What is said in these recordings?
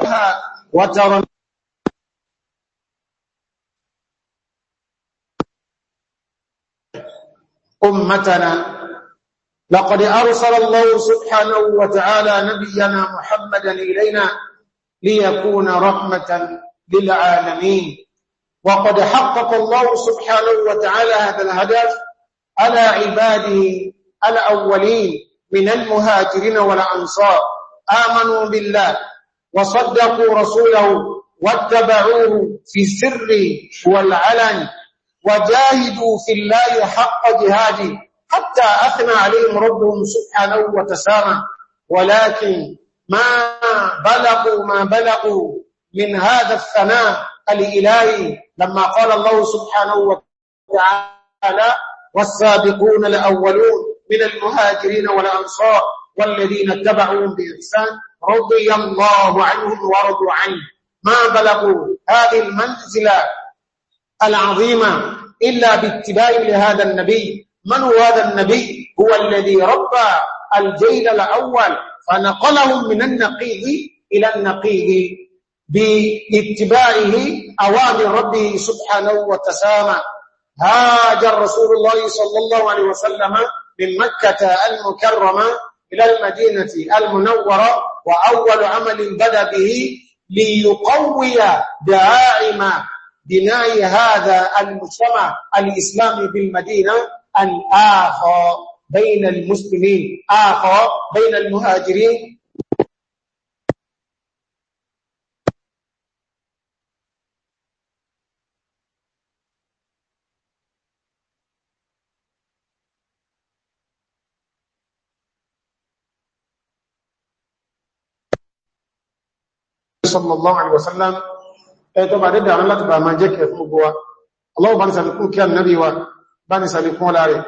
ترها وترى أمتنا لقد أرسل الله سبحانه وتعالى نبينا محمدا إلينا ليكون رحمة للعالمين وقد حقق الله سبحانه وتعالى هذا الهدف على عباده الأولين من المهاجرين والأنصار آمنوا بالله وصدقوا رسوله واتبعوه في السر والعلن وجاهدوا في الله حق جهاده حتى أثنى عليهم ربهم سبحانه وتسامى ولكن ما بلغوا ما بلغوا من هذا الثناء الإلهي لما قال الله سبحانه وتعالى والسابقون الأولون من المهاجرين والأنصار والذين اتبعوهم بإحسان رضي الله عنهم ورضوا عنه ما بلغوا هذه المنزلة العظيمة إلا باتباع لهذا النبي من هو هذا النبي هو الذي ربى الجيل الأول فنقلهم من النقيض إلى النقيض باتباعه أوامر ربه سبحانه وتسامى هاجر رسول الله صلى الله عليه وسلم من مكة المكرمة إلى المدينة المنورة وأول عمل بدأ به ليقوي دعائم بناء هذا المجتمع الإسلامي بالمدينة الآخر بين المسلمين آخر بين المهاجرين sallallahu alaihi wasallam ẹ̀tọ́ bá dédé àwọn láti bá máa jẹ́ kẹ fún gbogbo wa Allah bá ní sàlẹ̀kún kí annabi wa bá ní sàlẹ̀kún ọlá rẹ̀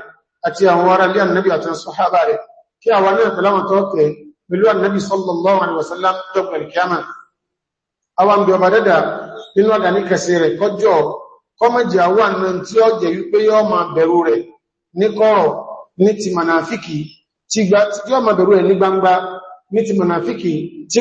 àti àwọn ará lé annabi àti sọ́hábà rẹ̀ kí àwa náà pẹ̀láwọn tó kẹ pẹ̀lú annabi sallallahu alaihi wasallam jọ́gbọ̀n alkiyama àwọn bí ọba dédé nínú àdáni kẹsì rẹ̀ kọjọ́ kọmọjì àwọn nan tí ó jẹ́ wípé yọ́ máa bẹ̀rù rẹ̀ ní kọ̀rọ̀ ní ti mànàfíkì tí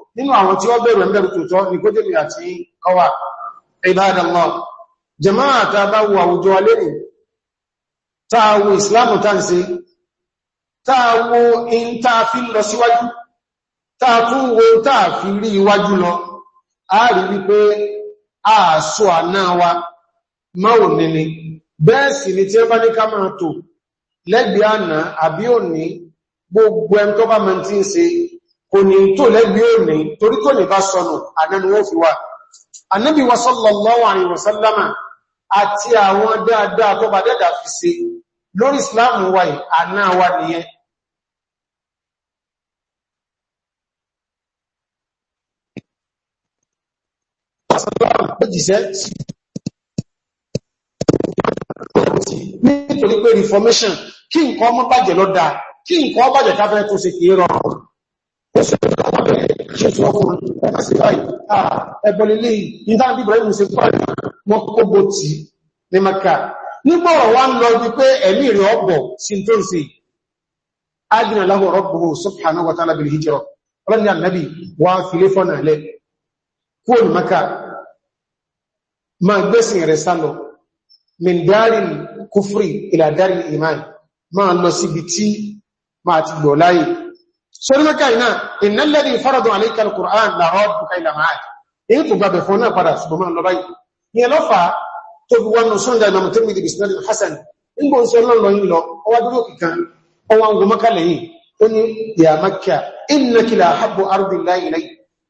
nínú àwọn tí ó bẹ̀rù ẹ̀mẹ́rù tòótọ́ ní gójèmì àti kọwà ìbádàmọ́ jama'a ta bá wo àwùjọ alẹ́rù táàwò islamu tánṣe táàwò in táà fi lọ síwájú táà tún rí iwájú lọ a rí wípé ààsọ àná wa máwò nini bẹ́ẹ̀ ni tí ẹ bá ní ká máa tò lẹ́gbẹ̀ẹ́ àná àbí òní gbogbo ẹn ń ṣe kò ní tó lẹ́gbẹ́ òní torí tó ní bá sọnù ànẹ́nuwó fi wà. Ànábì wa sallallahu alaihi wasallama àti àwọn dáadáa tó bá dẹ́dà fi ṣe lórí ìsìláàmù wa yìí àná wa nìyẹn. Nítorí pé reformation kí nǹkan ọmọ bàjẹ́ lọ́dá, kí nǹkan ọbàjẹ́ káfẹ́ tó ṣe kìí rọrùn. Nígbọ̀rọ̀ wá ń lọ bí pé ẹ̀mí rẹ̀ ọgbọ̀ sí tó ń sí, Ajina lahu rabbuhu subhanahu wa ta'ala bil Ọlọ́ni annabi wa fọ́nà ilẹ̀. Kúrò ní Maka, ma gbẹ́sìn rẹ̀ sálọ, min dárin dárin iman, ma lọ tí ma ti sọ́rọ́lọ́kà iná ìnálẹ́dì ìfọ́rọ̀dọ̀ àlẹ́kà al-Qur'an làrọ́dùkà ìlàmáàdì èyí tó gbàbẹ̀ fún náà padà ṣùgbọ́n lọ báyìí ní ẹlọ́fà tó fi wọnù sọ́ndà ìmọ̀ tẹ́mìdì bisnadi Hasan nígbò ń sọ lọ́lọ́ yìí lọ ọwá dúró kìkan ọwá ń gọmọ́kà lẹ́yìn ó ní ya Makka innaki la habbu ardillahi ilay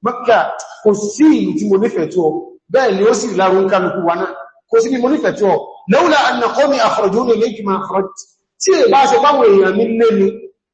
Makka kò sí ìlú tí mo nífẹ̀ẹ́ tó bẹ́ẹ̀ ni ó ṣe báwọn èèyàn mi lé ni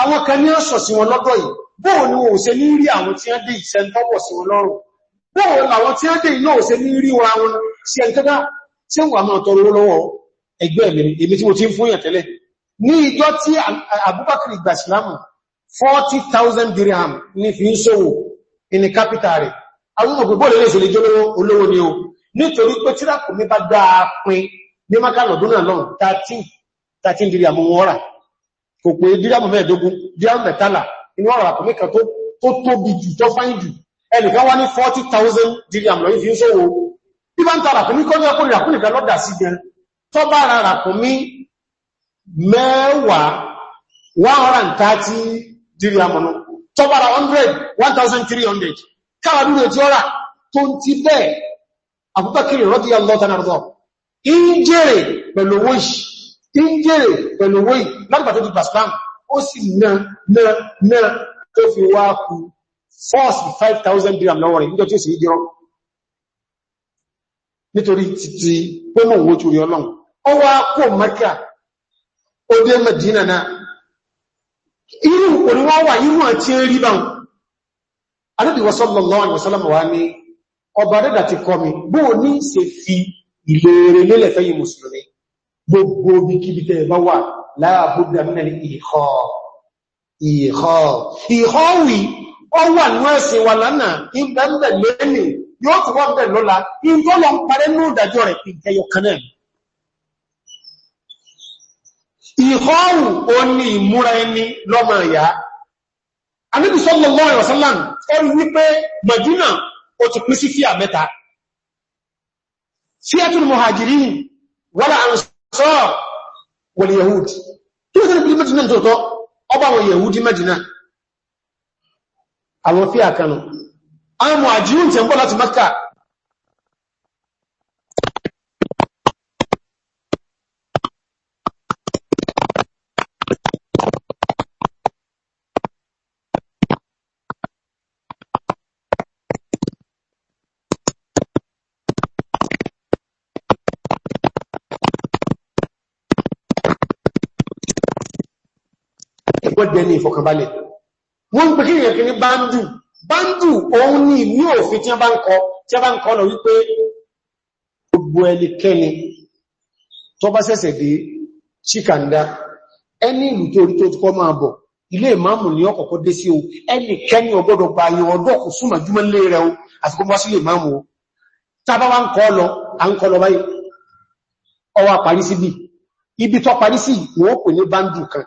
àwọn kan ní ọ̀ṣọ̀ sí wọn lọ́dọ̀ yìí bóò ni wọ́n ṣe ní rí àwọn tí wọ́n dé ìṣẹ́ntọ́wọ̀ sí wọn lọ́rùn bóò làwọn tí wọ́n dé iná ò ṣe ní rí wọn àwọn sí ẹnkẹ́dá tí wọ́n máa tọrọ lọ́wọ́ ẹgbẹ́ èmi tí mo ti ń fún yàn ní ìjọ tí Abubakar ìgbà 40,000 dirham ní fi ń ṣòwò ní kápítà rẹ̀ àwọn òpópó lè ni o nítorí pé tíráàkù mi bá dáa pin ní mákàlọ̀dún náà lọ́rùn 13 dirham kò pé dírámù mẹ́ẹ̀dógún dírámù mẹ́tàlá inú ọ̀rọ̀ àkọ́mí kan tó tóbi jù tó fáyín jù ẹnìkan wá ní 40,000 dírámù lọ́yìn fi ń ṣòwò bí bá ń ta ràkúnmí kọ́ ní ọkùnrin ràkúnmí kan lọ́dà sí gan tó bá ra ràkúnmí mẹ́wàá 130 dírámù nù tó bá ra 100 1300 káwà dúró tí tí ń jèrè pẹ̀lú owó yìí lágbà tó ti pàṣán ó sì náà náà náà tó fi wá kú fọ́ọ̀sì 5,000 dirham lọ́wọ́ rẹ̀ níjọ́ tí ó sì jọ nítorí títí pẹ́mọ̀ owó tí ó rí ọlọ́run ó wá kó Mẹ́kà ó dé Mẹ́dínà náà irú òní wá wà irú àti rí bá wọn adúdíwọ́ sallallahu alaihi wasallam wá ní ọba dẹ́dà ti kọ́ mi bóò gbogbo bí kíbi tẹ́ bá wà láàbúdà mínà ní ìhọ́ ìhọ́ ìhọ́ wì ọ wà ní ẹ̀sìn wà lánàá ìgbẹ̀mẹ̀ lẹ́nì yóò tún wọ́n bẹ̀ lọ́la ìjọ́lọ ń parẹ́ ní ìdájọ́ rẹ̀ ìjẹyọ kanáà ìhọ́ wù ó ní ìmúra ẹni lọ́mọ ìyá النصارى واليهود كيف كانت في المدينة تلقى أبا واليهود مدينة àwọn fíà kanù. a mọ̀ àjíyùn tẹ̀ ń bọ́ láti maka bẹ ní ìfọ̀kànbalẹ̀ wọ́n ń pè kí ìrìnkì ní báńdù báńdù òun ní ìlú òfin tí a bá ń kọ tí a bá ń kọ lọ wípé gbogbo ẹnikẹ́ni tó bá ṣẹ̀ṣẹ̀ dé ṣíkàndá ẹni ìlú tó rí tó ti kọ́ máa bọ̀ ilé ìmáàmù ní ọkọ̀kọ́ dé sí o ẹnikẹ́ni ò gba àyàn ọdọ́ ibi tó parí sí ìwọ́n pè ní báńdù kan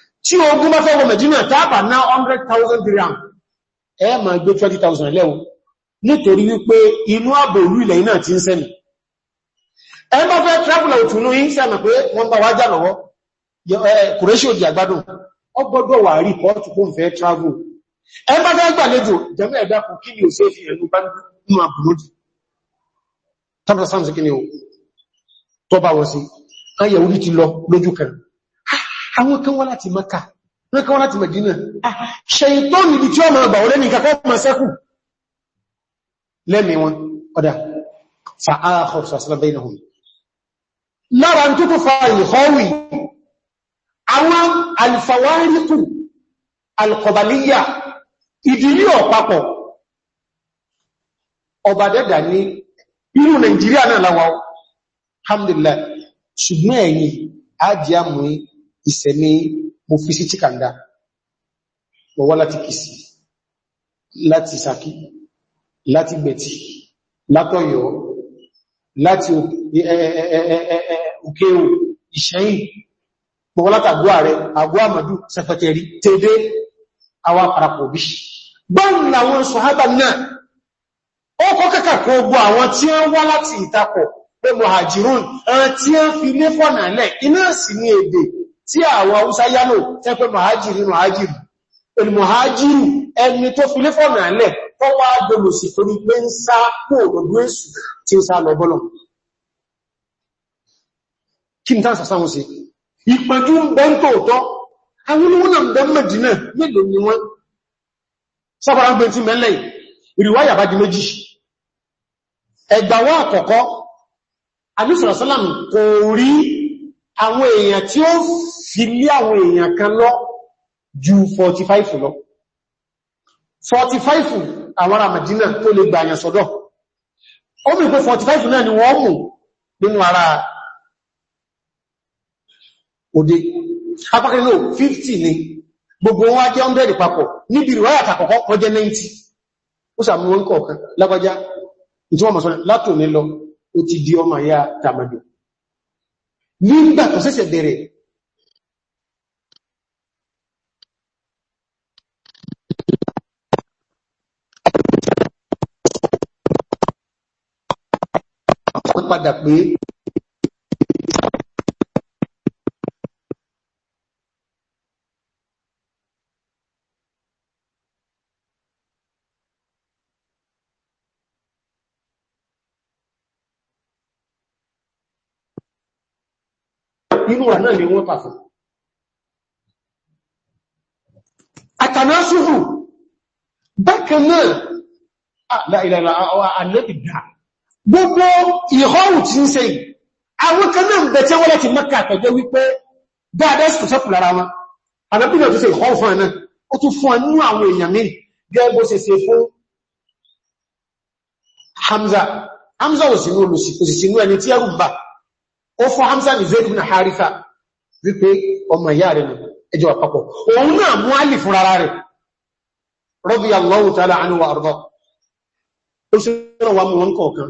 tí ogun bá fẹ́ wọ Mẹ̀dínà tàbà ná 100,000 dirham ẹ ma gbé 20,000 lẹ́wọ́ nítorí wípé inú ààbò ìlú ilẹ̀ iná ti ń sẹ́nì ẹ bá fẹ́ travel out inú yí sẹ́nà pé wọ́n bá wájá lọ́wọ́ kùrẹ́ṣì òdì àgbádùn wà rí ń fẹ́ travel ẹ bá fẹ́ gbàlejò jẹ́mọ́ àwọn kan wá láti maka wọ́n kan wá láti Medina ṣẹ̀yìntọ́ níbi tí ó máa gbà wọlé ní kakọ́ ma sẹ́kù lẹ́mí wọn ọ̀dá fa'áhọ̀ sọ́sọ́lọ́bẹ̀ ìnáhùn lára tó tó fa ìhọ́wì àwọn alfawárikù alkọbalíyà ìdílé ọ̀pápọ̀ Nàìjíríà náà láwọ́ alhamdulillah ṣùgbọ́n ẹ̀yìn ajé àmúyí ìsẹ̀mí mo fi sí chikanda mo wá láti kìsì láti sàkí láti gbẹ̀tì látọ̀yọ́ láti òkèèrò ìṣẹ́yìn mo wá láti àgbó ààrẹ àgbó àmàdù sẹfẹ̀tẹ̀rí tẹ́lẹ̀ àwọn àpàrapọ̀ bí gbọ́n làwọn sọ̀hábà náà ó kọ́ kẹ́kẹ́ kó gbọ́ àwọn tí ó tí àwọn Hausa yálò tẹ́pẹ́ mọ̀hájìrì mọ̀hájìrì ìlmọ̀hájìrì ẹni tó fi lé fọ́nà alẹ́ tó wá dolo sí torí pé ń sá kó òdòdó èsù tí ń sá lọ bọ́lọ̀ kí n tánṣà sáwọn sí ìpẹ̀jú ń àwọn olówó ni àwọn fi lé àwọn èèyàn kan lọ ju 45 lọ 45 àwọn ará Madina tó lè gba sọ́dọ̀ ó pé 45 náà ni wọ́n mú nínú ara òde apákanilò 50 ni gbogbo wọn jẹ́ 100 papọ̀ níbi ìrọ̀yà àtàkọ̀kọ́ wọ́n 90 ó sàmú wọn kọ̀ọ̀kan lágbàjá ìtúwọ́n mọ̀ sọ́rọ̀ látò nílọ ó ti di ọmọ ya tàmàdù nígbà tó bẹ̀rẹ̀ padà pé irú wà náà ni wọ́n pàfà. Àtànásùhù, bákan náà, àlà ìlànà àwọn ànẹ́bìdá, gbogbo ìhọ́rù tí ń ṣe yìí àwọn kan náà bẹ̀ tí wọ́n láti mọ́kà àtọ̀jẹ́ wípé dáadáa sì tó sẹ́kù lára wọn àbẹ́bìnà tó ṣe ìhọ́rù fún ẹ̀nà ó tún fún ẹnú àwọn èèyàn mìí gẹ́gbó se ṣe fún Hamza Hamza ò sínú olùsìnú ẹni tí ẹrù bà ó fún Hamza ní Zaid ibn Haritha wípé ọmọ ìyá rẹ̀ nù ẹjọ́ àpapọ̀ òun náà mú Alì fún rárá rẹ̀ radiyallahu ta'ala anhu wa arda ó sì rọ̀ wà mú wọn kọ̀ọ̀kan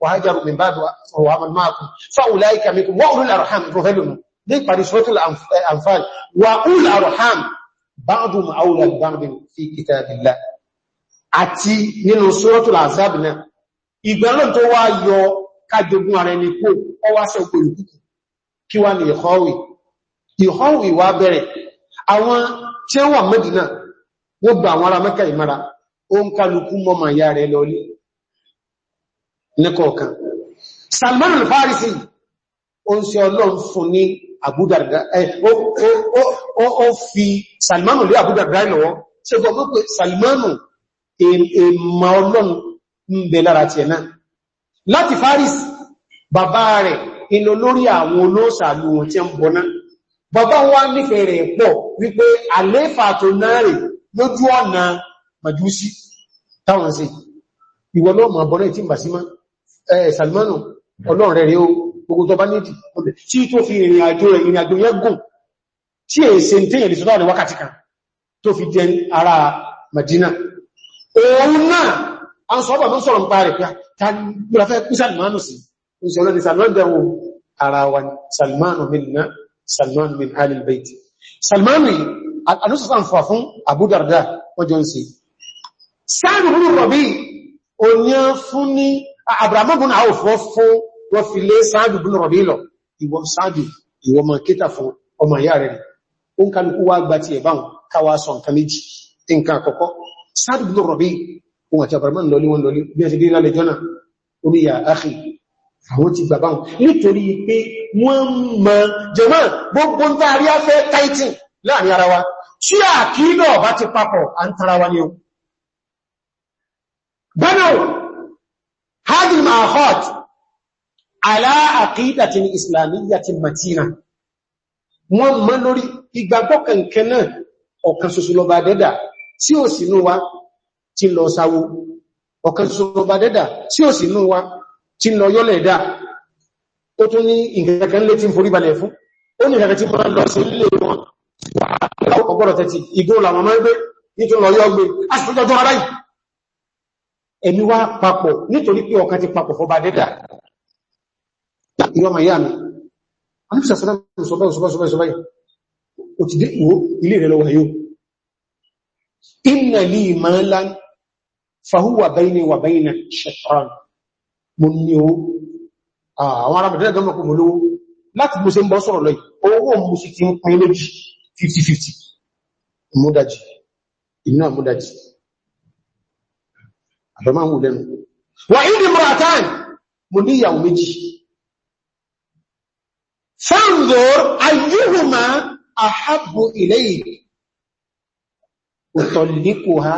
وهجروا من بعد وعمل معكم فأولئك منكم وأولو الأرحام رفلهم دي قد سورة الأنفال وأولو الأرحام بعضهم أولى ببعض في كتاب الله àti nínú sórọ́tù làzáàbì náà ìgbẹ̀rún tó wá yọ kájogun ara ẹni kó ọ wá sọ ògbò ìkùkù kí wá ní ìhọ́wì ìhọ́wì wá bẹ̀rẹ̀ àwọn tí wọ́n Mẹ́dínà wọ́n gba àwọn ará Mẹ́kà ìmára ó ń mọ́mà ìyá rẹ̀ lọ́lé nìkọ̀ọ̀kan. Salman al-Farisi o ń se ọlọ́run fún ní àbúdàrdá o fi Salmanu lé àbúdàrdá ìlọ́wọ́ ṣe gbọ́ pé Salmanu èèmà ọlọ́run ń bẹ lára ti ẹ̀nà láti Farisi bàbá rẹ̀ inú lórí àwọn olóòsàlù wọn tí ń bọ́ná bàbá wá nífẹ̀ẹ́ rẹ̀ pọ̀ wípé àléfà tó náà rẹ̀ lójú ọ̀nà màjúsí táwọn sí ìwọ̀lọ́mà bọ́ná ìtìmbàsímá Eh, Salmanu ọlọ́run rẹ̀ rẹ̀ o gbogbo tó bá ní ìdí tí tó fi ìrìn àjò rẹ̀ ìrìn àjò yẹ́ tí è se tí èyàn lè sọ́dọ̀ wákàtí kan tó fi jẹ ara Madina òun náà a ń sọ́bà mọ́ sọ̀rọ̀ nípa rẹ̀ pé ta gbúra ara wa Salmanu minna Salmanu min alil bait Salmanu yìí anúsọ̀sán fà fún Abu Darda wọ́n sáàrùn-ún rọ̀bí òní fún ní Abrahamu bin Auf wọ́n fún wọ́n fi lé Sáàdù bin Rabi lọ ìwọ Sáàdù ìwọ ma kíta fún ọmọ ìyá rẹ̀ ó ń kálukú wá gba ti ẹ̀bá káwà sọ nǹkan méjì nǹkan àkọ́kọ́ Sáàdù bin Rabi ohun àti Abrahamu lọlé wọn lọlé bí a ti dé lálẹ́ jọ́nà orí ya áhì àwọn ti gbàbá wọn nítorí pé wọ́n هذه المعاخات على عقيدة إسلامية متينة wọ́n mọ́ lórí ìgbàgbọ́ kẹ̀kẹ́ náà ọ̀kan ṣoṣo lọba dẹ́dà tí ó sì ní wa tí lọ sáwó ọ̀kan ṣoṣo lọba dẹ́dà tí ó sì ní wa tí lọ yọ́lẹ̀ dá ó tún ní ìgbẹ̀kẹ́ lé tí ń forí balẹ̀ fún ó ní ìrẹ̀kẹ́ tí wọ́n lọ sí ilé wọn ẹ̀mí wá papọ̀ nítorí pé ọkàn ti papọ̀ fọba dẹ́dà ìyọ́mà yáàmì alìsàsánà sọ́bẹ̀ inna li malan fahuwa bayni wa bayna shaytan mo ní o àwọn ará mẹ́tẹ́lẹ̀ gọ́mọ̀ kùnmọ̀ lówó láti mo se ń bọ́ sọ̀rọ̀ lọ owó mo àtọ́máwò lẹ́nu wà ìdí mọ̀ràtán mo ní ìyàwó méjì fẹ́ǹdọ̀ ayyúhùmá àhábò ilẹ̀ òtọ̀líkò ha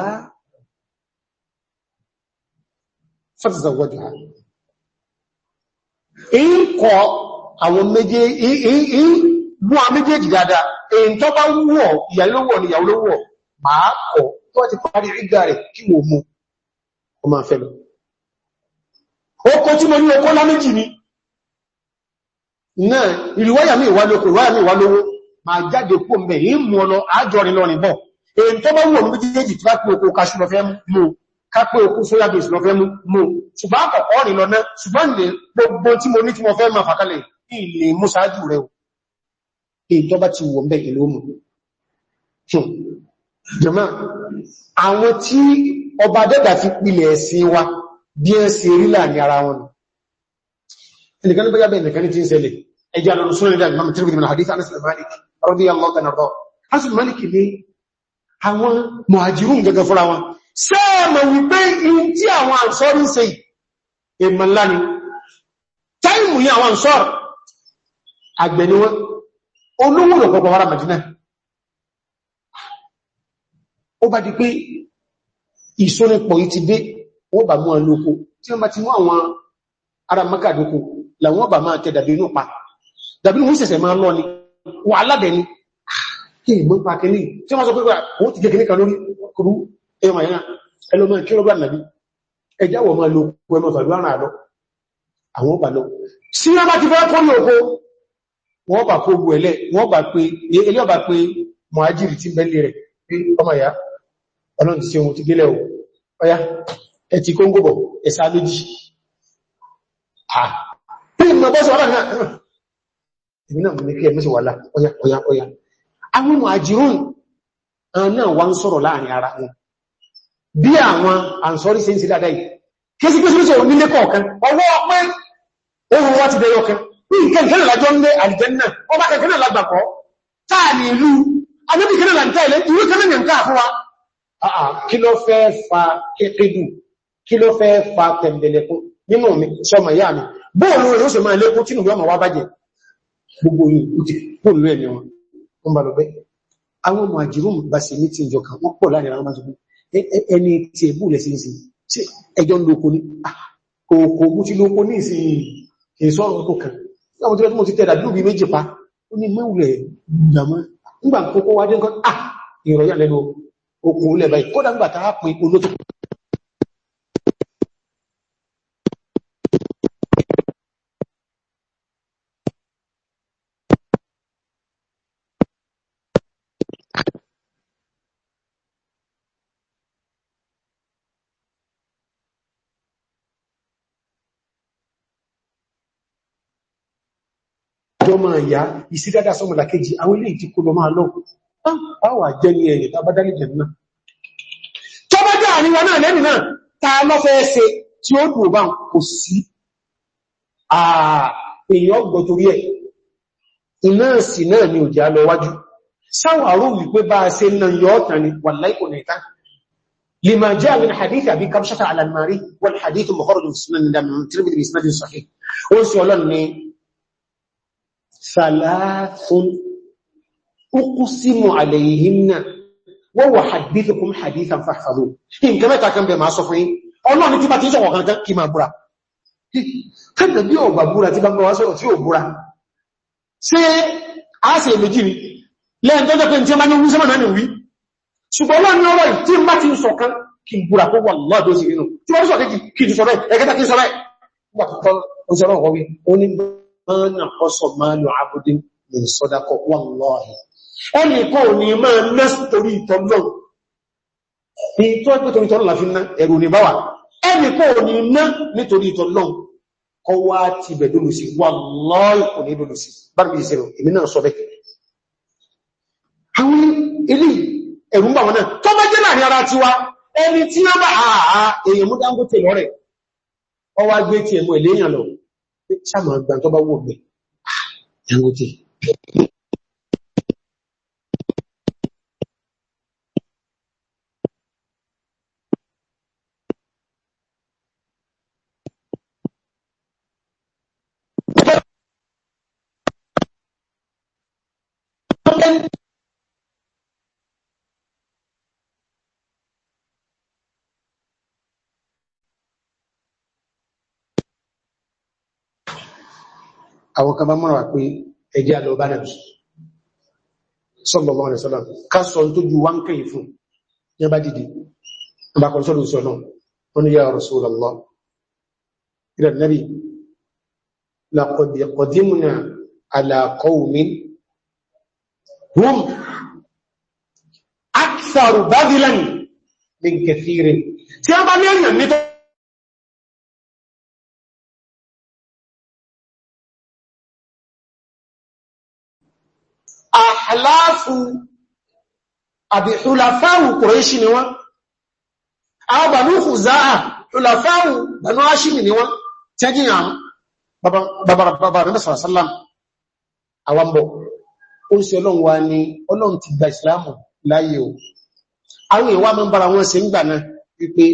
fẹ́tìzàwọ́jú ha in kọ àwọn méjì in mú a méjèèjì dáadáa èyí tó bá wọ́ ìyàlówọ̀ ni ìyàwó lówọ̀ máa kọ̀ tó ti parí ìgbà rẹ̀ kí wò mú ó máa fẹ́ lọ oko tí mo ní oko láméjì ni náà ìrìwáyà mi ìwà lókò ìwáyà mi ìwà lówó ma jáde kó mẹ́ ìmú ọlọ àjọrin lọ nìbọ̀ èyí tó bá wùn bí jíjẹ́jì tí kápẹ́ oko kaṣù lọ fẹ́ mú kápẹ́ oko soya beans lọ fẹ́ mú ṣùgbọ́n àkọ́kọ́ rìn lọ náà ṣùgbọ́n lè bá ti wọ̀ mẹ́ àwọn tí ọba dẹ́dà fi pilẹ̀ ẹ̀sìn wa bí ẹ sì rí láàrin ara wọn ẹnìkan ní bẹ́yàbẹ̀ ẹnìkan ní ti ń ṣẹlẹ̀ ẹjá lọ́nà súnrẹ̀ ìdá ìmọ̀ tí rìbìnà hadith anas malik rọ́dí allọ́ta nà rọ́ anas malik ní àwọn mọ̀hajirun gẹ́gẹ́ fúnra wọn sẹ́ẹ̀mọ̀ wípé in wọ́n olówó lọ́pọ̀ wára ó bá di pé ìsónípọ̀ yìí ti dé wọ́n bà mú àlòkò tí wọ́n bá ti mú àwọn ara makàdókò làwọn bà máa tẹ dàbí inú pa dàbí wọ́n sẹ̀sẹ̀ máa lọ ni wà aládẹ̀ ni kí ìgbọ́n pa kìíní tí wọ́n sọ pé wọ́n ti gẹ̀kìní kan lórí kúrú ẹmà yẹn ẹlọmọ kí lọ́gbà nàbí ẹjá ọlọ́n ti sí ohun ti gílẹ̀ o ọya ẹ̀tì kóngò bọ̀ ẹ̀sà méjì bí àwọn àǹsọ́rí se ń sí dáadáa yìí kí sí kí sí sí òun nílé kọ̀ọ̀kan ọwọ́ ọpẹ́ ohun wá ti bẹ̀rẹ̀ ọkẹ́ ní ìkẹ́kẹ́ lájọ́ ń lé àlìjẹ́nà ọba kẹ́kẹ́ lágbàkọ́ táà ní ìlú agbẹ́bìkẹ́ láńtẹ́ ilẹ̀ ìwé kẹ́lẹ̀ Ah, ah kí ló fẹ́ fa kékèdù kí ló fẹ́ fa tẹ̀m̀bẹ̀lẹ̀kún nínú mi sọmọ ìyá mi bóòlù rẹ̀ ó sì máa lékún tí nùgbọ́n wá bàjẹ́ gbogbo yìí ti pòlú ẹ̀mí wọn wọ́n bá lọ bẹ́ àwọn ọmọ àjírùn bá sí ní ti ìjọ kan wọ́n pọ̀ láàrin àwọn mọ́sùn ẹni tí ẹ̀bù lẹ̀ sí ìsìn sí ẹjọ́ ń lóko ah, ní ó okùn ilẹ̀ báyìí kódà nígbà tá a pin olótò ọjọ́ máa yá ìsídádá sọmọ̀lá kejì àwọn ilé ìtíkò lọ máa lọ́pù àwà ah, jẹ́ ní ẹ̀yẹ̀ tàbá dálì jẹ̀ náà tó bá jẹ́ àríwá náà lẹ́nì náà ta lọ fẹ́ ṣe tí ó dùn bá kò sí èèyàn ọgbọ̀ torí ẹ̀ iná sí náà ni òjì alọ wájú sáwàrú wípé bá ṣe náà yọ ọ̀tàn ni wà láìkò nìta لما جاء من حديث أبي على الماري والحديث مخرج في السنن من ترمذي بإسناد صحيح وسؤالني ثلاث أقسم عليهن ووحدثكم حديثا فاحفظوه إن كما تكن بما صفين ọlọ́run ní tí bá ti ń sọ̀wọ̀ kankan kí máa búra kẹ́bẹ̀ bí ọgbà búra tí bá búra sọ̀rọ̀ tí ó búra ṣe ti ń sọ kan kí búra kó wà lọ́dọ̀ sí nínú tí wọ́n sọ̀rọ̀ kí ti sọ̀rọ̀ ẹ̀kẹ́ta kí sọ̀rọ̀ wà kọ́kọ́ ó sọ̀rọ̀ ọ̀wọ́ wí ó ní mọ́nà ọ̀sọ̀ máa lọ àbúdé ní sọ́dákọ̀ wọ́n lọ́ọ̀hìn ẹni kò ni máa ná torí ìtọ́lọ́ ìtọ́ ẹgbẹ́ torí ìtọ́lọ́ láfi ná ẹ̀rù ní báwà ẹni kò ní ná nítorí ìtọ́lọ́ kọ wá ti bẹ̀ dólùsí wà lọ́ọ̀kù ní dólùsí bárbí ìṣẹ́rọ èmi náà sọ bẹ́ẹ̀ àwọn ilé ẹ̀rù ń bà wọn náà tó bá jẹ́ láàrin ara àwọn kan bá mọ́ra wà pé ẹjẹ́ àlọ́ bá nàbì sallallahu alaihi wasallam ká sọ tó ju wá ń kẹ́yìn fún ní bá dìde ní bá kọ́ sọ́dọ̀ sọ náà wọ́n ni ya Rasulullah ila nabi àhàláàfù àbí ìlàfáàwù kòrèṣì ni wọ́n àwọn bànú Khuza'a ìlàfáàwù bànú Hashimi ni wọ́n tẹ́jì àwọn bàbàrà rẹ̀ sàrásálàm àwambọ̀ ó ń ṣe ọlọ́run wa ni ọlọ́run ti gba ìsìlámù láyé o àwọn ìwà mọ́ bára wọn ṣe ń gbà náà wípé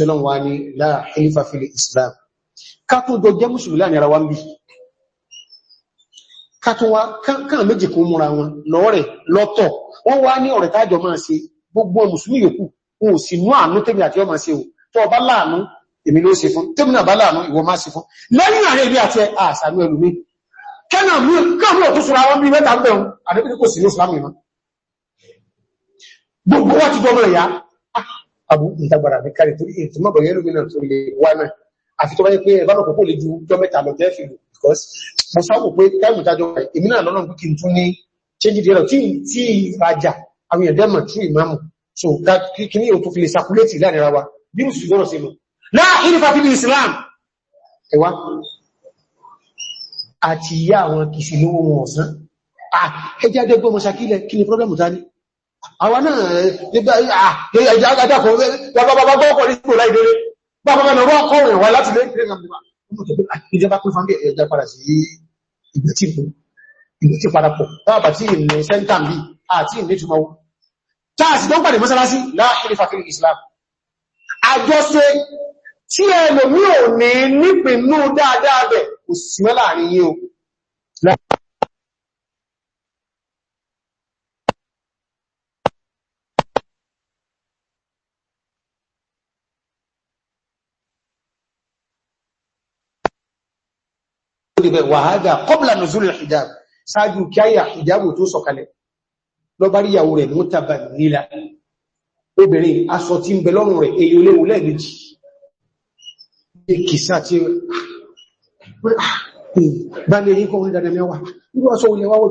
èmi la hilifa fil Islam kátún jọ jẹ́ mùsùlùmí láàrin ara wa ń bí kátún wa kán méjì kún múra wọn lọ́rẹ̀ lọ́tọ̀ wọ́n wá ní tájọ máa gbogbo mùsùlùmí yòókù o sì nú àánú àti ọmọ o tó ọba láàánú èmi ló ṣe fún tèmi náà bá láàánú ìwọ máa fún lẹ́yìn ibi àti àfi tó bá yẹ pé ẹ̀bá lọ́pọ̀ kò lè ju jọ mẹ́ta lọ jẹ́ fìlú because mo sáwọ̀ pé káìmù tájọ èmi náà lọ́nà pé kí n tún ní change the error tí ìrajà àwọn èèyàn dẹ́mọ̀ tú ìmáàmù so kí ní òtún fi lè circulate láàrin ara wa bí mo sì gbọ́nà sí lọ láà ìlú fa fíbi Islam ẹwà àti ìyá àwọn kìsì lówó wọn ọ̀sán ẹjẹ́ adẹ́gbọ́n mọ́ sakílẹ̀ kí ni problem ta ní àwọn náà ẹjẹ́ adẹ́gbọ́n bàbá mẹ́rin ọ̀rọ̀ ọkọ̀ rẹ̀ wá láti lé ìjọba pín fún ẹ̀jẹ̀ padà sí ìgbẹ̀tí padàpọ̀ dábà tí ìlẹ̀ sẹ́ntà bí àti ìlẹ̀ túnmọ́wó táàsì tó ń pàdé mọ́sálásí láàrín fàfíì Islam àjọṣe tí ẹlòmí ò ní nípìnú dáadáa bẹ̀ kò sí mọ́ láàrin yìí o rí bẹ̀ wàhádà kọ́bùlà nùzúlù hijab sáájú kí áyà hijab tó sọ̀kalẹ̀ lọ́bá rí ìyàwó rẹ̀ mútàbà nílá obìnrin aṣọ tí ń bẹ lọ́rùn rẹ̀ èyí olé olé méjì ìkìsà tí bá lè yí kọ́ orí dada mẹ́wàá irú aṣọ olè wáwọ́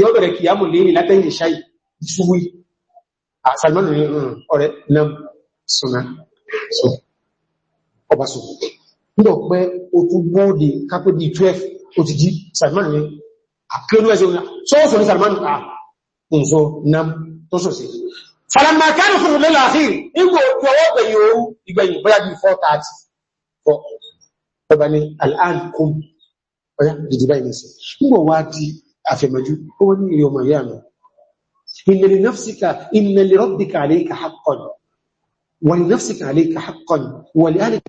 yóò bẹ̀rẹ̀ kìí àmù lè látẹ́yìn ṣáì ṣúwí àṣàlmọ́nù ní mm, ọ̀rẹ́ náà súnmọ́ so ọba so nígbà pé o tún bóòdì kápẹ́ bí 12 o ti Salman ní àkílónú ẹ̀ṣọ́ sọ́ọ̀sọ̀ ní Salman à ń so náà tó sọ sí falamma kánù fún ilé láàfin nígbà ojú ọwọ́ gbẹ̀yìn ooru ìgbẹ̀yìn bóyá bí 430 ọba ní al'an di afẹ̀mọ̀jú ó ní ilé ọmọ ìyá mi inna li nafsika inna li rabbika alayka haqqan wa li nafsika alayka haqqan wa li ahlika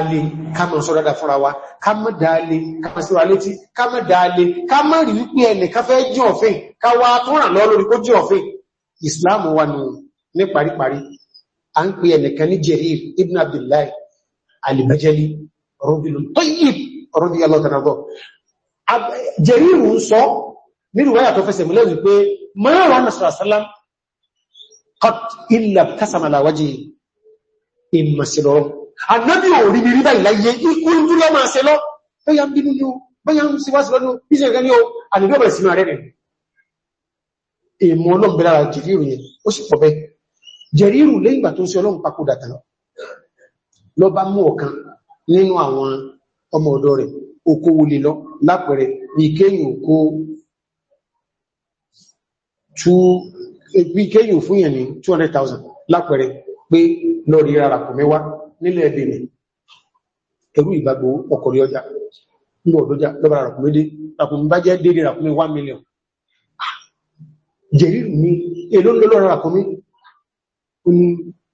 dáálé kámọ̀ sọ dáadáa fúnra wa kámọ̀ dáálé kámọ̀ síra létí kámọ̀ dáálé kámọ̀ rí wípé ẹnì ká fẹ́ jí ọ̀fẹ́ káwà tó ràn lọ lórí kó jí ọ̀fẹ́ Islam wà nù ní paríparí a ń pè ẹnìkan ní Jarir ibn Abdullahi al-Bajali rọ́bìlù tayyib rọ́bì alọ́tànàbọ̀ Jarir ń sọ nínú wáyà tó fẹsẹ̀ múlẹ̀ wípé mọ́rọ̀ wà nasara salam qat illa tasama la waji ìmọ̀sílọ́rọ̀ ànábì ò rí rí báyìí láyé ikú ń dúlọ máa ṣe lọ bóyá ń bínú ní o bóyá ń sí wáṣí lọ́nà bí sẹ́rẹ̀ ní o àdìdí ọ̀bẹ̀ sínú ààrẹ rẹ̀ èmọ̀ ọlọ́m̀bẹ̀lára jẹ̀rírù yẹn ó sì pọ̀bẹ́ jẹ̀rírù lẹ́yìn ìgbà tó ń sí ọlọ́run papòdà tán lọ bá mú ọ̀kan nínú àwọn bí kéyìn òkó bí ní 200,000 lápẹẹrẹ pé lọ rí rárá kò mẹ́wàá nílẹ̀ Benin ẹ̀rú ìgbàgbò ọkọ̀rí ọjà ní ọ̀dọ́jà lọ́bàrà ràkùnmẹ́dé ràkùnmẹ́ bá jẹ́ dédé ràkùnmẹ́ 1 million ah! jẹ̀rí mi èlò lọ́lọ́rọ̀ ràkùnmẹ́ ó ní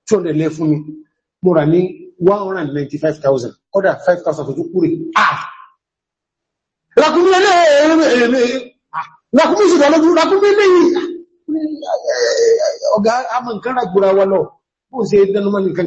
200 lẹ́ fún mi mo rà ní 195,000 kọ́dà 5,000 tó kúrè ah! ràkùnmẹ́ lẹ́ ah! ọ̀gá amọ̀ nǹkan ràgbùra wa lọ bó ṣe dánumọ́ nǹkan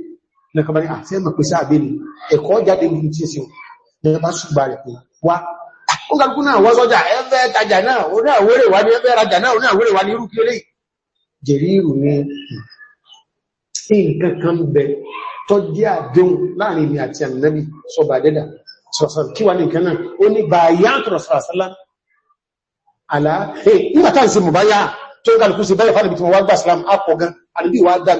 lẹ́kọ̀ọ́ bá ní àti ẹ̀mọ̀ pèsè àbẹ́lì ẹ̀kọ́ jáde ní tí sí lẹ́bá ṣùgbà rẹ̀ pé wá ah, ó gbogbo náà wọ́n sọ́jà ẹgbẹ́ tajà náà ó náà wérè wá ní ẹgbẹ́ rajà náà ó náà wérè wá ní irú kílé jẹ̀rí ìrù ní nǹkan kan bẹ tó jẹ́ àdéhùn láàrin mi àti ànàbì sọba dẹ́dà kí wà ní nǹkan náà gan àdébì wá dá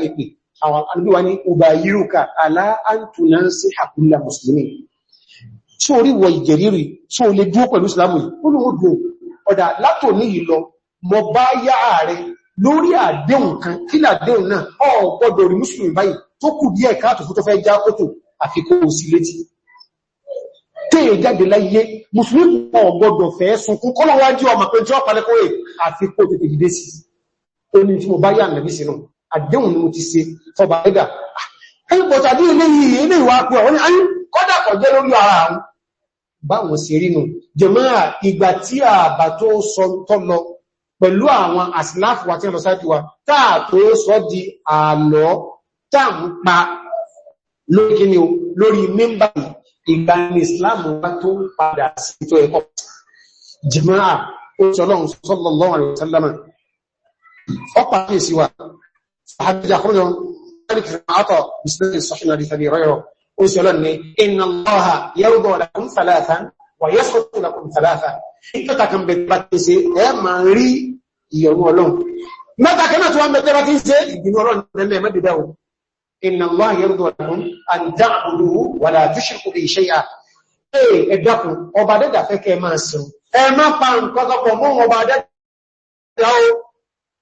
àwọn wani ní ala an tunansiha kulla muslimin tí orí wọ ìjẹ̀rírí tí o lè dúó pẹ̀lú islamu olóògbò ọ̀dà látò ní ìlọ mọ bá yá ààrẹ lórí àdéhùn kan kí làdéhùn náà ọ̀ gbọ́dọ̀ rí mùsùlùmí báyìí tó kù díẹ̀ káàtò fún tó fẹ́ já kótò àfikò sí létí tèè jáde láyé mùsùlùmí pọ̀ gbọdọ̀ fẹ́ sunkún kọ́lọ̀wájú ọmọ pé tí ó palẹ́kọ́ rẹ̀ àfikò tètè dìde sí oní tí mo bá yà nàbí sínú àdéhùn ni mo ti ṣe fọba ẹgbà ah, ẹni pọ̀tà àdéhùn yìí ilé ìwà pẹ̀ wọ́n ni a ń kọ́dà kọjẹ́ lórí ara àwọn báwọn sí rínú jẹmọ́ra ìgbà tí a bà tó sọ tọ́ lọ pẹ̀lú àwọn àsìláàfù àti ẹlọ́sáàtíwà pa lórí kíni o lórí mímbà ìgbà ní ìsìláàmù wá tó ń padà sí tó ẹ̀kọ́ jẹmọ́ra ó sọ lọ́run kìí sí wa صحابي يخرجون ذلك في العطاء بسنة الصحيح الحديث أبي هريرة أرسلني إن الله يرضى لكم ثلاثا ويسخط لكم ثلاثا إنت تكن بتبتسي يا ماري يرمو لهم ماذا كانت وأن بتبتسي يبنوا لهم ما بدأوا إن الله يرضى لكم أن تعبدوه ولا تشركوا به شيئا ee ẹ̀dàkùn ọba dẹ́dà fẹ́ kẹ́ máa sìn ẹ má pa nǹkan tọpọ̀ mọ́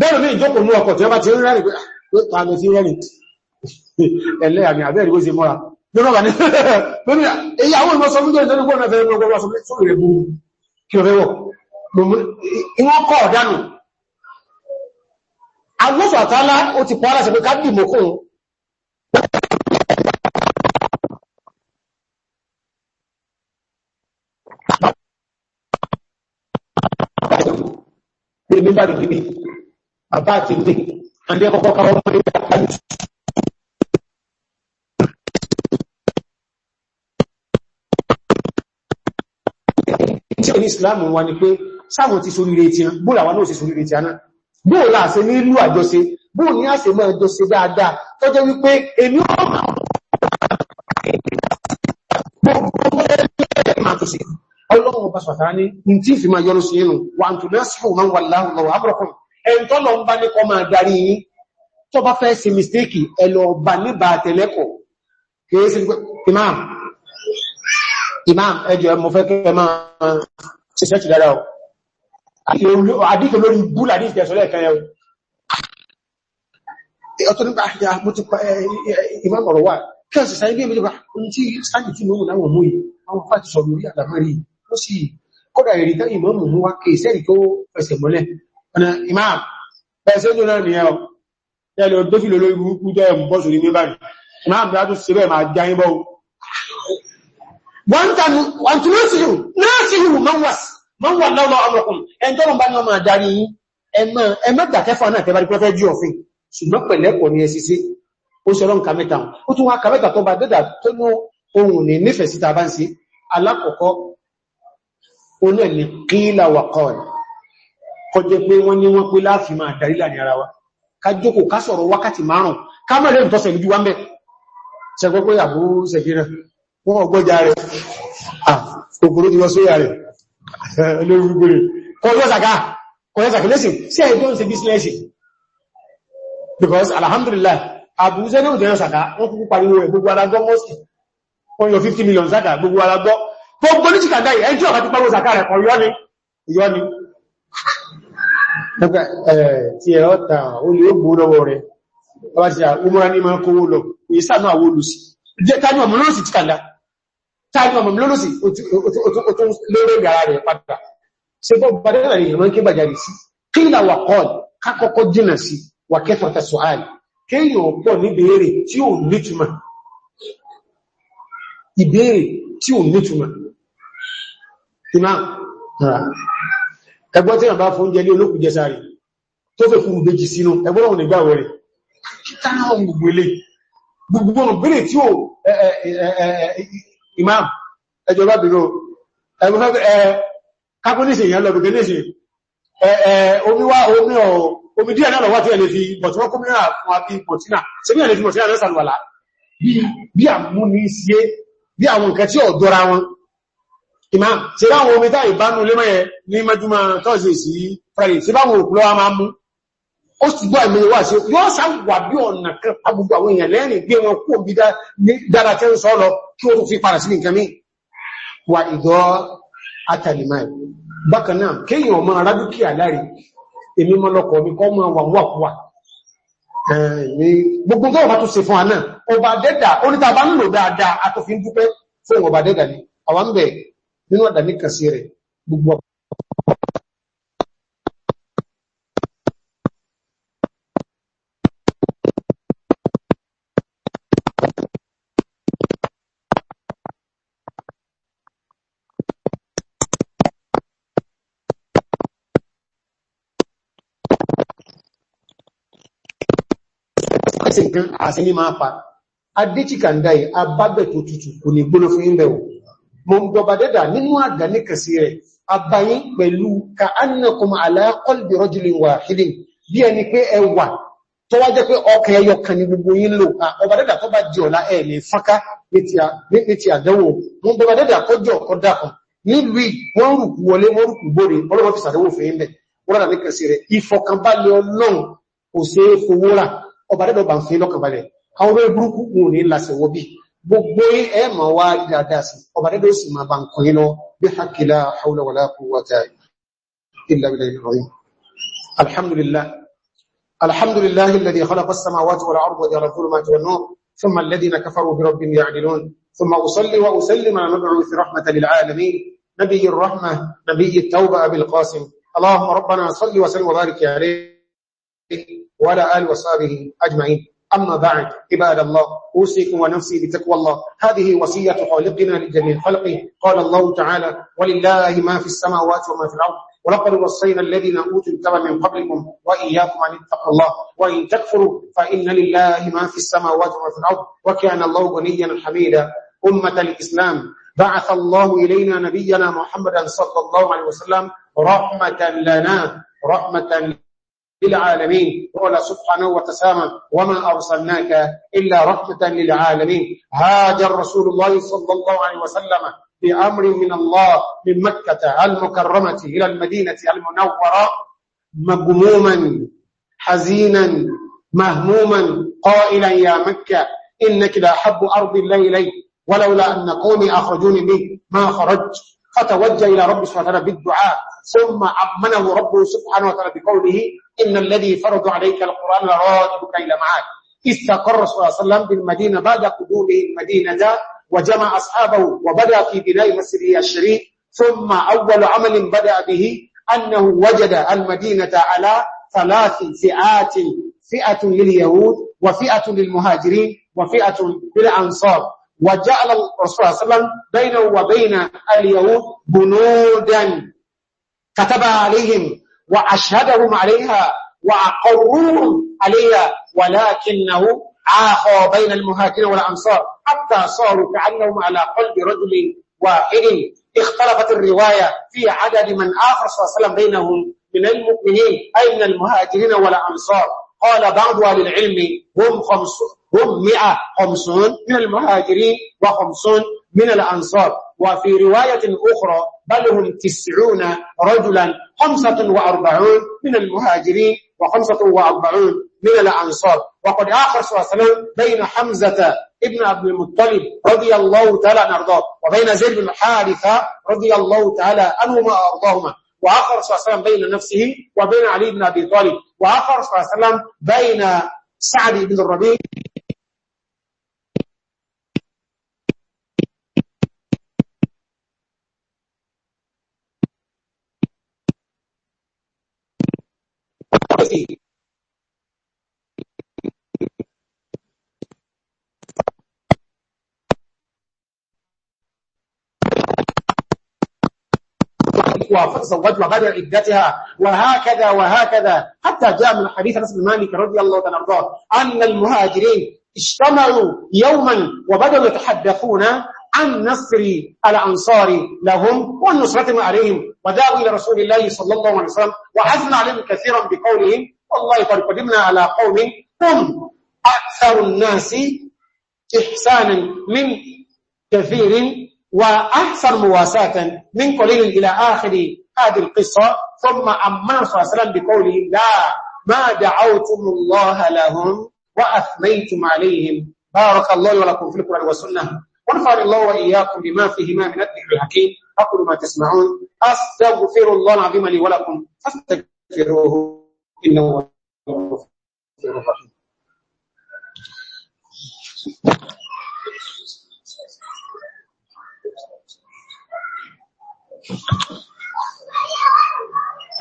bẹ́ẹ̀ ní ìjókòó ní ọkọ̀ tí ó bá ti rẹ́rìn pé àmì ah, ti rẹ́rìn ẹ̀lẹ́ àmì àbẹ́rẹ̀ ó ṣe mọ́ra lọ́nà ní ìyàwó ìmọ̀ sọ fúnjẹ́ ìtọ́jú gbọ́nà fẹ́ gbọ́nà gbọ́nà sọ fún ìrẹ̀ burú kí o fẹ́ wọ̀ ìwọ́n kọ́ ọ̀dánù agbófà tálá ó ti pọ́ aláṣẹ pé ká dì mọ́kún Èmi bá dìdì bàbá àti ìwé àndé kọ́kọ́ káwọ́ mọ́lẹ́ bí àkáyé. tí o ní ìsìláàmù wa ni pé sáwọn ti soríire tí án bóòlà wa náà ṣe soríire tí án náà bóòlà àṣẹ ní ìlú àjọṣe bóò ní àṣẹ mọ́ àjọṣe dáadáa tó jẹ́ wípé èmi ọmọ ọlọ́run ọba sọ̀tara ní tí ìfìmọ̀ yọrù sí inú wà ń tún náà sí òun wà láhùn lọ́wọ́ ẹ̀ntọ́lọ ń bá ní kọ máa darí yín tó bá fẹ́ sí mistéèkì ẹlọ bá níbà tẹ̀lẹ́kọ̀ kìí sí imam imam ẹjọ ẹmọ fẹ́ kẹ́ máa ṣiṣẹ́ ti dára àdíkẹ̀ lórí búlà ní ìtẹ̀sọ́lẹ̀ kan ẹ̀rọ ọ̀tọ́ nípa àyà mo ti pa imam ọ̀rọ̀ wà kí ọ̀sẹ̀ sáyé bí i mẹ́jọba ohun tí sáàjì tí mọ́mù láwọn mú yìí àwọn fàájì sọ̀rọ̀ orí àdàmọ́rí ó sì kọ́dà ìrìdá ìmọ́mù mú wá kèèsẹ́rì tó fẹsẹ̀ mọ́lẹ̀ ọ̀nà imam pẹ̀sẹ̀ tó náà nìyẹn ọ̀ tẹ́lẹ̀ tó fi lórí burúkú tẹ́ bọ́sù ní mẹ́bàrí imam bí a tó síbẹ̀ máa já yín bọ́ wọ́n tún lọ́síhù lọ́síhù mọ́wà lọ́wọ́ ọmọkùn ẹn tó rùn bá ní ọmọ àdarí ẹmẹ́gbà kẹfà náà tẹ́bàrí pẹ́fẹ́ jí òfin ṣùgbọ́n pẹ̀lẹ́pọ̀ ní ẹsìsí ó ṣe ọlọ́nkà mẹ́ta ó tún wá kàmẹ́ta tó bá dẹ́dà tó ní ohun ní nífẹ̀ẹ́ síta bá ń sí alákọ̀ọ́kọ́ oní ẹ̀mí kíílà wà kọ́ọ̀lù kọjẹ pé wọ́n ní wọ́n pé láàfí máa darí láàrin ara wa ká jókò ká sọ̀rọ̀ wákàtí márùn-ún ká mẹ́rẹ̀ tó sẹ̀lú jù wá mẹ́ sẹ́gbẹ́ pé àbúrú sẹ̀gírà wọ́n ọgbọ́já rẹ̀ òkúrú ti lọ sóyà rẹ̀ olórí gbogbo kọjọ́sàká kọjọ́sàká lẹ́sìn sí ẹjọ́ ń ṣe bísínẹ́sì because alhamdulillah àbúrúsẹ́ náà jẹ́ sàká wọ́n kúkú pariwo ẹ̀ gbogbo alágbọ́ mọ́sí wọ́n yọ 50 million sàká gbogbo ní ṣìkàdá ẹjọ́ àti pariwo sàká rẹ̀ kọ̀ yọ́ ni nípa tí ẹ ọ́ta olè ó gbóòrọwọ́ rẹ̀ ọba ti àwọ́mọ́ra ní máa kówó lọ ìsànà àwọ́ olùsì jẹ́ tàbí ọmọ lọ́lọ́sì ti kàlá tàbí ọmọ lọ́lọ́sì òtún lórí gara rẹ̀ pàtàkì ṣe bọ́ bàdẹ́rẹ̀ èèyàn máa ń ké gbàjáde sí kí ìlà wà kọ́ọ̀d kákọ́kọ́ jìnà sí wà kẹfàtà ìbéèrè tí ò nítumọ̀ ìbéèrè tí ẹgbọ́n tí àbá fún jẹlé olókù jẹsàrí tó fẹ́ kúrù méjì sínú ẹgbọ́n òun ìgbà wẹ̀rẹ̀ tánàwọn gbogbo ilé gbogbo bèèrè tí ó imam ẹjọba bèèrè kápónísì èèyàn lọ́gbẹ̀gẹ́ nísì omiwá omi díẹ̀ náà lọ́wọ́ tí ẹ lè fi bọ̀tíwọ́ kómìnà fún àti pọ̀tínà sí bí ẹ lè fi pọ̀tínà lẹ́sàlùwàlá bí àmúnisíé bí àwọn nǹkan tí ọ̀dọ́ra wọn imam ṣe láwọn omi táà ìbánu lémọ̀ yẹ ní mẹ́júmọ́ tọ́sí sí friday ṣe báwọn òkú lọ́wọ́ máa mú ó ṣùgbọ́ ìmìnira wà sí yóò sáwà bí ọ̀nà kan agbègbè àwọn èèyàn lẹ́rìn gbé wọn kú òbí dára tẹ́ ń sọ lọ kí ó fi padà sí nǹkan mí wà ìdọ́ àtàlìmọ̀ bákan náà kéèyàn ọmọ arábíkíà láre èmi mọ́ lọ́kọ̀ mi kọ́ mọ́ wà wà gbogbo tó ọba tó ṣe fún àná ọba dẹ́dà onítàbá ń lò dáadáa ni àwọn nínú àdáni kàsí rẹ̀ gbogbo àṣẹ nǹkan àṣẹ ní máa pa adéchìkà ń dáyé abábẹ̀ tó tutù kò ní gbóná fún ìbẹ̀wò mo ń gbọba dẹ́dà nínú àgbàníkàsí rẹ̀ abayín pẹ̀lú ka annakum ala qalbi rajulin wahidin bí ẹni pé ẹwà tó wá jẹ́ pé ọkẹ̀ ẹyọ ni ní gbogbo yín lò ọba dẹ́dà tó bá jẹ ọ̀lá ẹ̀ lè fánká ní ti àdánwò mo ń gbọba dẹ́dà kọjọ ọdá kan nílùú wọ́n rùkú wọlé wọ́n rùkú gbóre ọlọ́wọ́ fi sàdánwò fẹ́ ń bẹ̀ wọ́n rà ní kẹsì rẹ̀ ìfọkànbalẹ̀ ọlọ́run kò gbogbo ẹ ma wá dáadáa sí ọba dédé ó sì máa bá ń kọ́ yínú bí hakila haula wala quwwata illa billahi rahim alhamdulillah alhamdulillah alladhi khalaqa as-samawati wal arda wa ja'ala adh-dhulumati wan nur thumma alladhina kafaru bi rabbihim ya'dilun thumma usalli wa usallimu ala mab'uth rahmatan lil alamin nabiyyi ar-rahmah nabiyyi at-tawbah abil qasim allahumma rabbana salli wa sallim wa barik أما بعد عباد الله أوصيكم ونفسي بتقوى الله هذه وصية خالقنا لجميع خلقه قال الله تعالى ولله ما في السماوات وما في الأرض ولقد وصينا الذين أوتوا الكتاب من قبلكم وإياكم أن اتقوا الله وإن تكفروا فإن لله ما في السماوات وما في الأرض وكان الله غنيا حميدا أمة الإسلام بعث الله إلينا نبينا محمدا صلى الله عليه وسلم رحمة لنا رحمة للعالمين قال سبحانه وتسامى وما أرسلناك إلا رحمة للعالمين هاجر رسول الله صلى الله عليه وسلم بأمر من الله من مكة المكرمة إلى المدينة المنورة مجموما حزينا مهموما قائلا يا مكة إنك لا حب أرض الله إلي ولولا أن قومي أخرجوني به ما خرجت فتوجه إلى ربه سبحانه وتعالى بالدعاء ثم أمنه ربه سبحانه وتعالى بقوله إن الذي فرض عليك القرآن لرادك إلى معاد استقر صلى الله عليه وسلم بالمدينة بعد قدومه المدينة وجمع أصحابه وبدأ في بناء مسيره الشريف ثم أول عمل بدأ به أنه وجد المدينة على ثلاث فئات فئة لليهود وفئة للمهاجرين وفئة للأنصار وجعل الرسول صلى الله عليه وسلم بينه وبين اليهود بنودا كتب عليهم وأشهدهم عليها واقرهم عليها ولكنه عاقوا بين المهاجرين والأنصار حتى صاروا كأنهم على قلب رجل واحد اختلفت الرواية في عدد من آخر صلى الله عليه وسلم بينهم من المؤمنين أي من المهاجرين والأنصار قال بعض أهل العلم هم هم خمسون من المهاجرين و من الأنصار وفي رواية أخرى بل هم تسعون رجلا خمسة وأربعون من المهاجرين وخمسة وأربعون من الأنصار وقد آخر صلى الله عليه وسلم بين حمزة ابن عبد المطلب رضي الله تعالى عن أرضاه وبين زيد بن حارثة رضي الله تعالى عنهما أرضاهما وآخر صلى الله عليه وسلم بين نفسه وبين علي بن أبي طالب وآخر صلى الله عليه وسلم بين سعد بن الربيع فيه وزوجها غير عدتها وهكذا وهكذا حتى جاء من حديث انس بن مالك رضي الله عنه عنه ان المهاجرين اجتمعوا يوما وبداوا يتحدثون عن نصر الانصار لهم ونصرتهم عليهم ودعوا إلى رسول الله صلى الله عليه وسلم وحزن عليهم كثيرا بقولهم والله قد قدمنا على قوم هم أكثر الناس إحسانا من كثير وأحسن مواساة من قليل إلى آخر هذه القصة ثم أمر صلى الله عليه وسلم بقوله لا ما دعوتم الله لهم وأثنيتم عليهم بارك الله ولكم في القرآن والسنة ونفعل الله وإياكم بما فيهما من الذكر الحكيم أقول ما تسمعون أستغفر الله العظيم لي ولكم فاستغفروه إنه هو الغفور الرحيم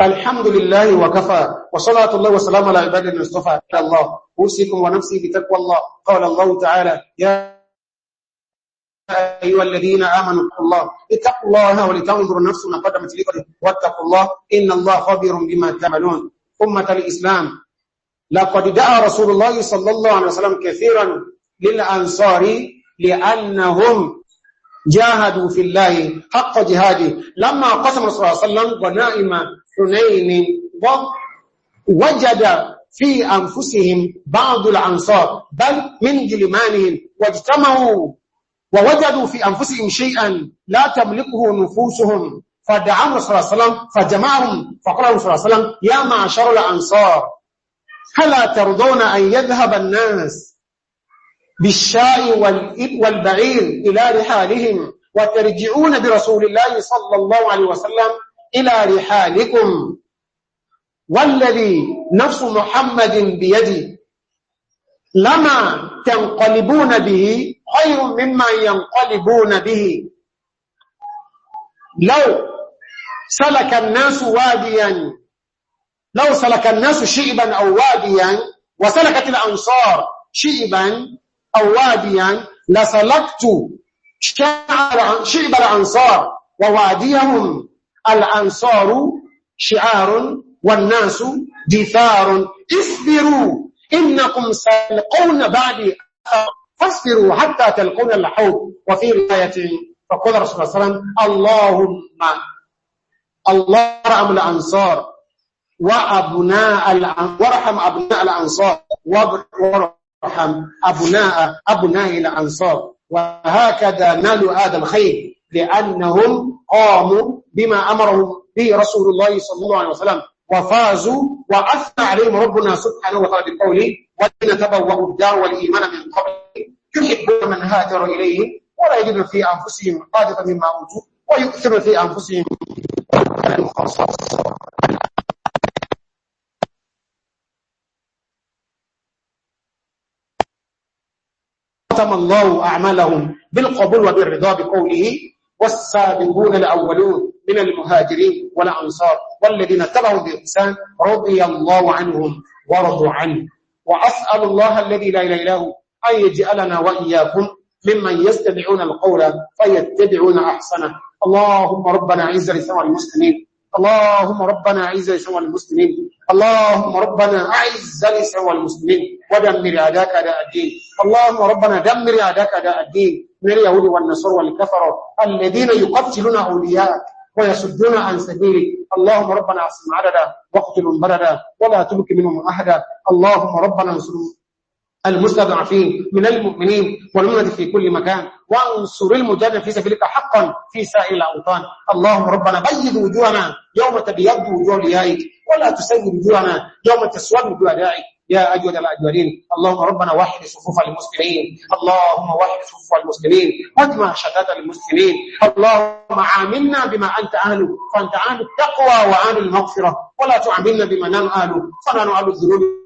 الحمد لله وكفى وصلاة الله وسلام على عباد المصطفى الله أوصيكم ونفسي بتقوى الله قال الله تعالى يا أيها الذين آمنوا اتقوا الله اتقوا الله ولتنظر نفس ما قدمت لقد واتقوا الله إن الله خبير بما تعملون أمة الإسلام لقد دعا رسول الله صلى الله عليه وسلم كثيرا للأنصار لأنهم جاهدوا في الله حق جهاده لما قسم رسول الله صلى الله عليه وسلم ونائم حنين وجد في أنفسهم بعض الأنصار بل من جلمانهم واجتمعوا ووجدوا في أنفسهم شيئا لا تملكه نفوسهم فدعاهم رسول الله صلى الله عليه وسلم فجمعهم فقال رسول الله صلى الله عليه وسلم يا معشر الأنصار هلا ترضون أن يذهب الناس بالشاء والبعير إلى رحالهم وترجعون برسول الله صلى الله عليه وسلم إلى رحالكم والذي نفس محمد بيدي لما تنقلبون به خير مما ينقلبون به لو سلك الناس واديا لو سلك الناس شئبا أو واديا وسلكت الأنصار شئبا أو واديا لسلكت شعب الأنصار وواديهم الأنصار شعار والناس دثار اصبروا إنكم سلقون بعد فاصبروا حتى تلقون الحوض وفي رواية فقال رسول الله صلى الله عليه وسلم اللهم الله رحم الأنصار وأبناء وارحم أبناء الأنصار وارحم أبناء أبناء الأنصار وهكذا نالوا هذا الخير لأنهم قاموا بما أمرهم به رسول الله صلى الله عليه وسلم وفازوا وأثنى عليهم ربنا سبحانه وتعالى بقوله وَلِنَ تَبَوَّأُ الدَّارُ وَالْإِيمَانَ مِنْ قَبْلِ يحبون من هاجر إليه ولا يجد في أنفسهم قادرة مما أوتوا ويؤثر في أنفسهم ختم الله أعمالهم بالقبول وبالرضا بقوله والسابقون الأولون من المهاجرين والأنصار والذين تبعوا بإحسان رضي الله عنهم ورضوا عنه وأسأل الله الذي لا إله إلا هو أن يجعلنا وإياكم ممن يستبعون القول فيتبعون أحسنه اللهم ربنا عز لسوى المسلمين اللهم ربنا عز لسوى المسلمين اللهم ربنا أعز لسوى المسلمين ودمر أداك أداء الدين اللهم ربنا دمر أداك أداء الدين من اليهود والنصر والكفر الذين يقتلون أولياءك ويصدون عن سبيلك اللهم ربنا عصم عددا واقتلهم بردا ولا تبك منهم أحدا اللهم ربنا انصرهم المستضعفين من المؤمنين والمؤمنة في كل مكان وانصر المجاهد في سبيلك حقا في سائل أوطان اللهم ربنا بيض وجوهنا يوم تبيض وجوه ليائك ولا تسيد وجوهنا يوم تسود وجوه ليائك يا أجود الأجودين اللهم ربنا وحد صفوف المسلمين اللهم وحد صفوف المسلمين واجمع شتات المسلمين اللهم عاملنا بما أنت أهله فأنت أهل التقوى وأهل المغفرة ولا تعاملنا بما نم أهله فنحن أهل الذنوب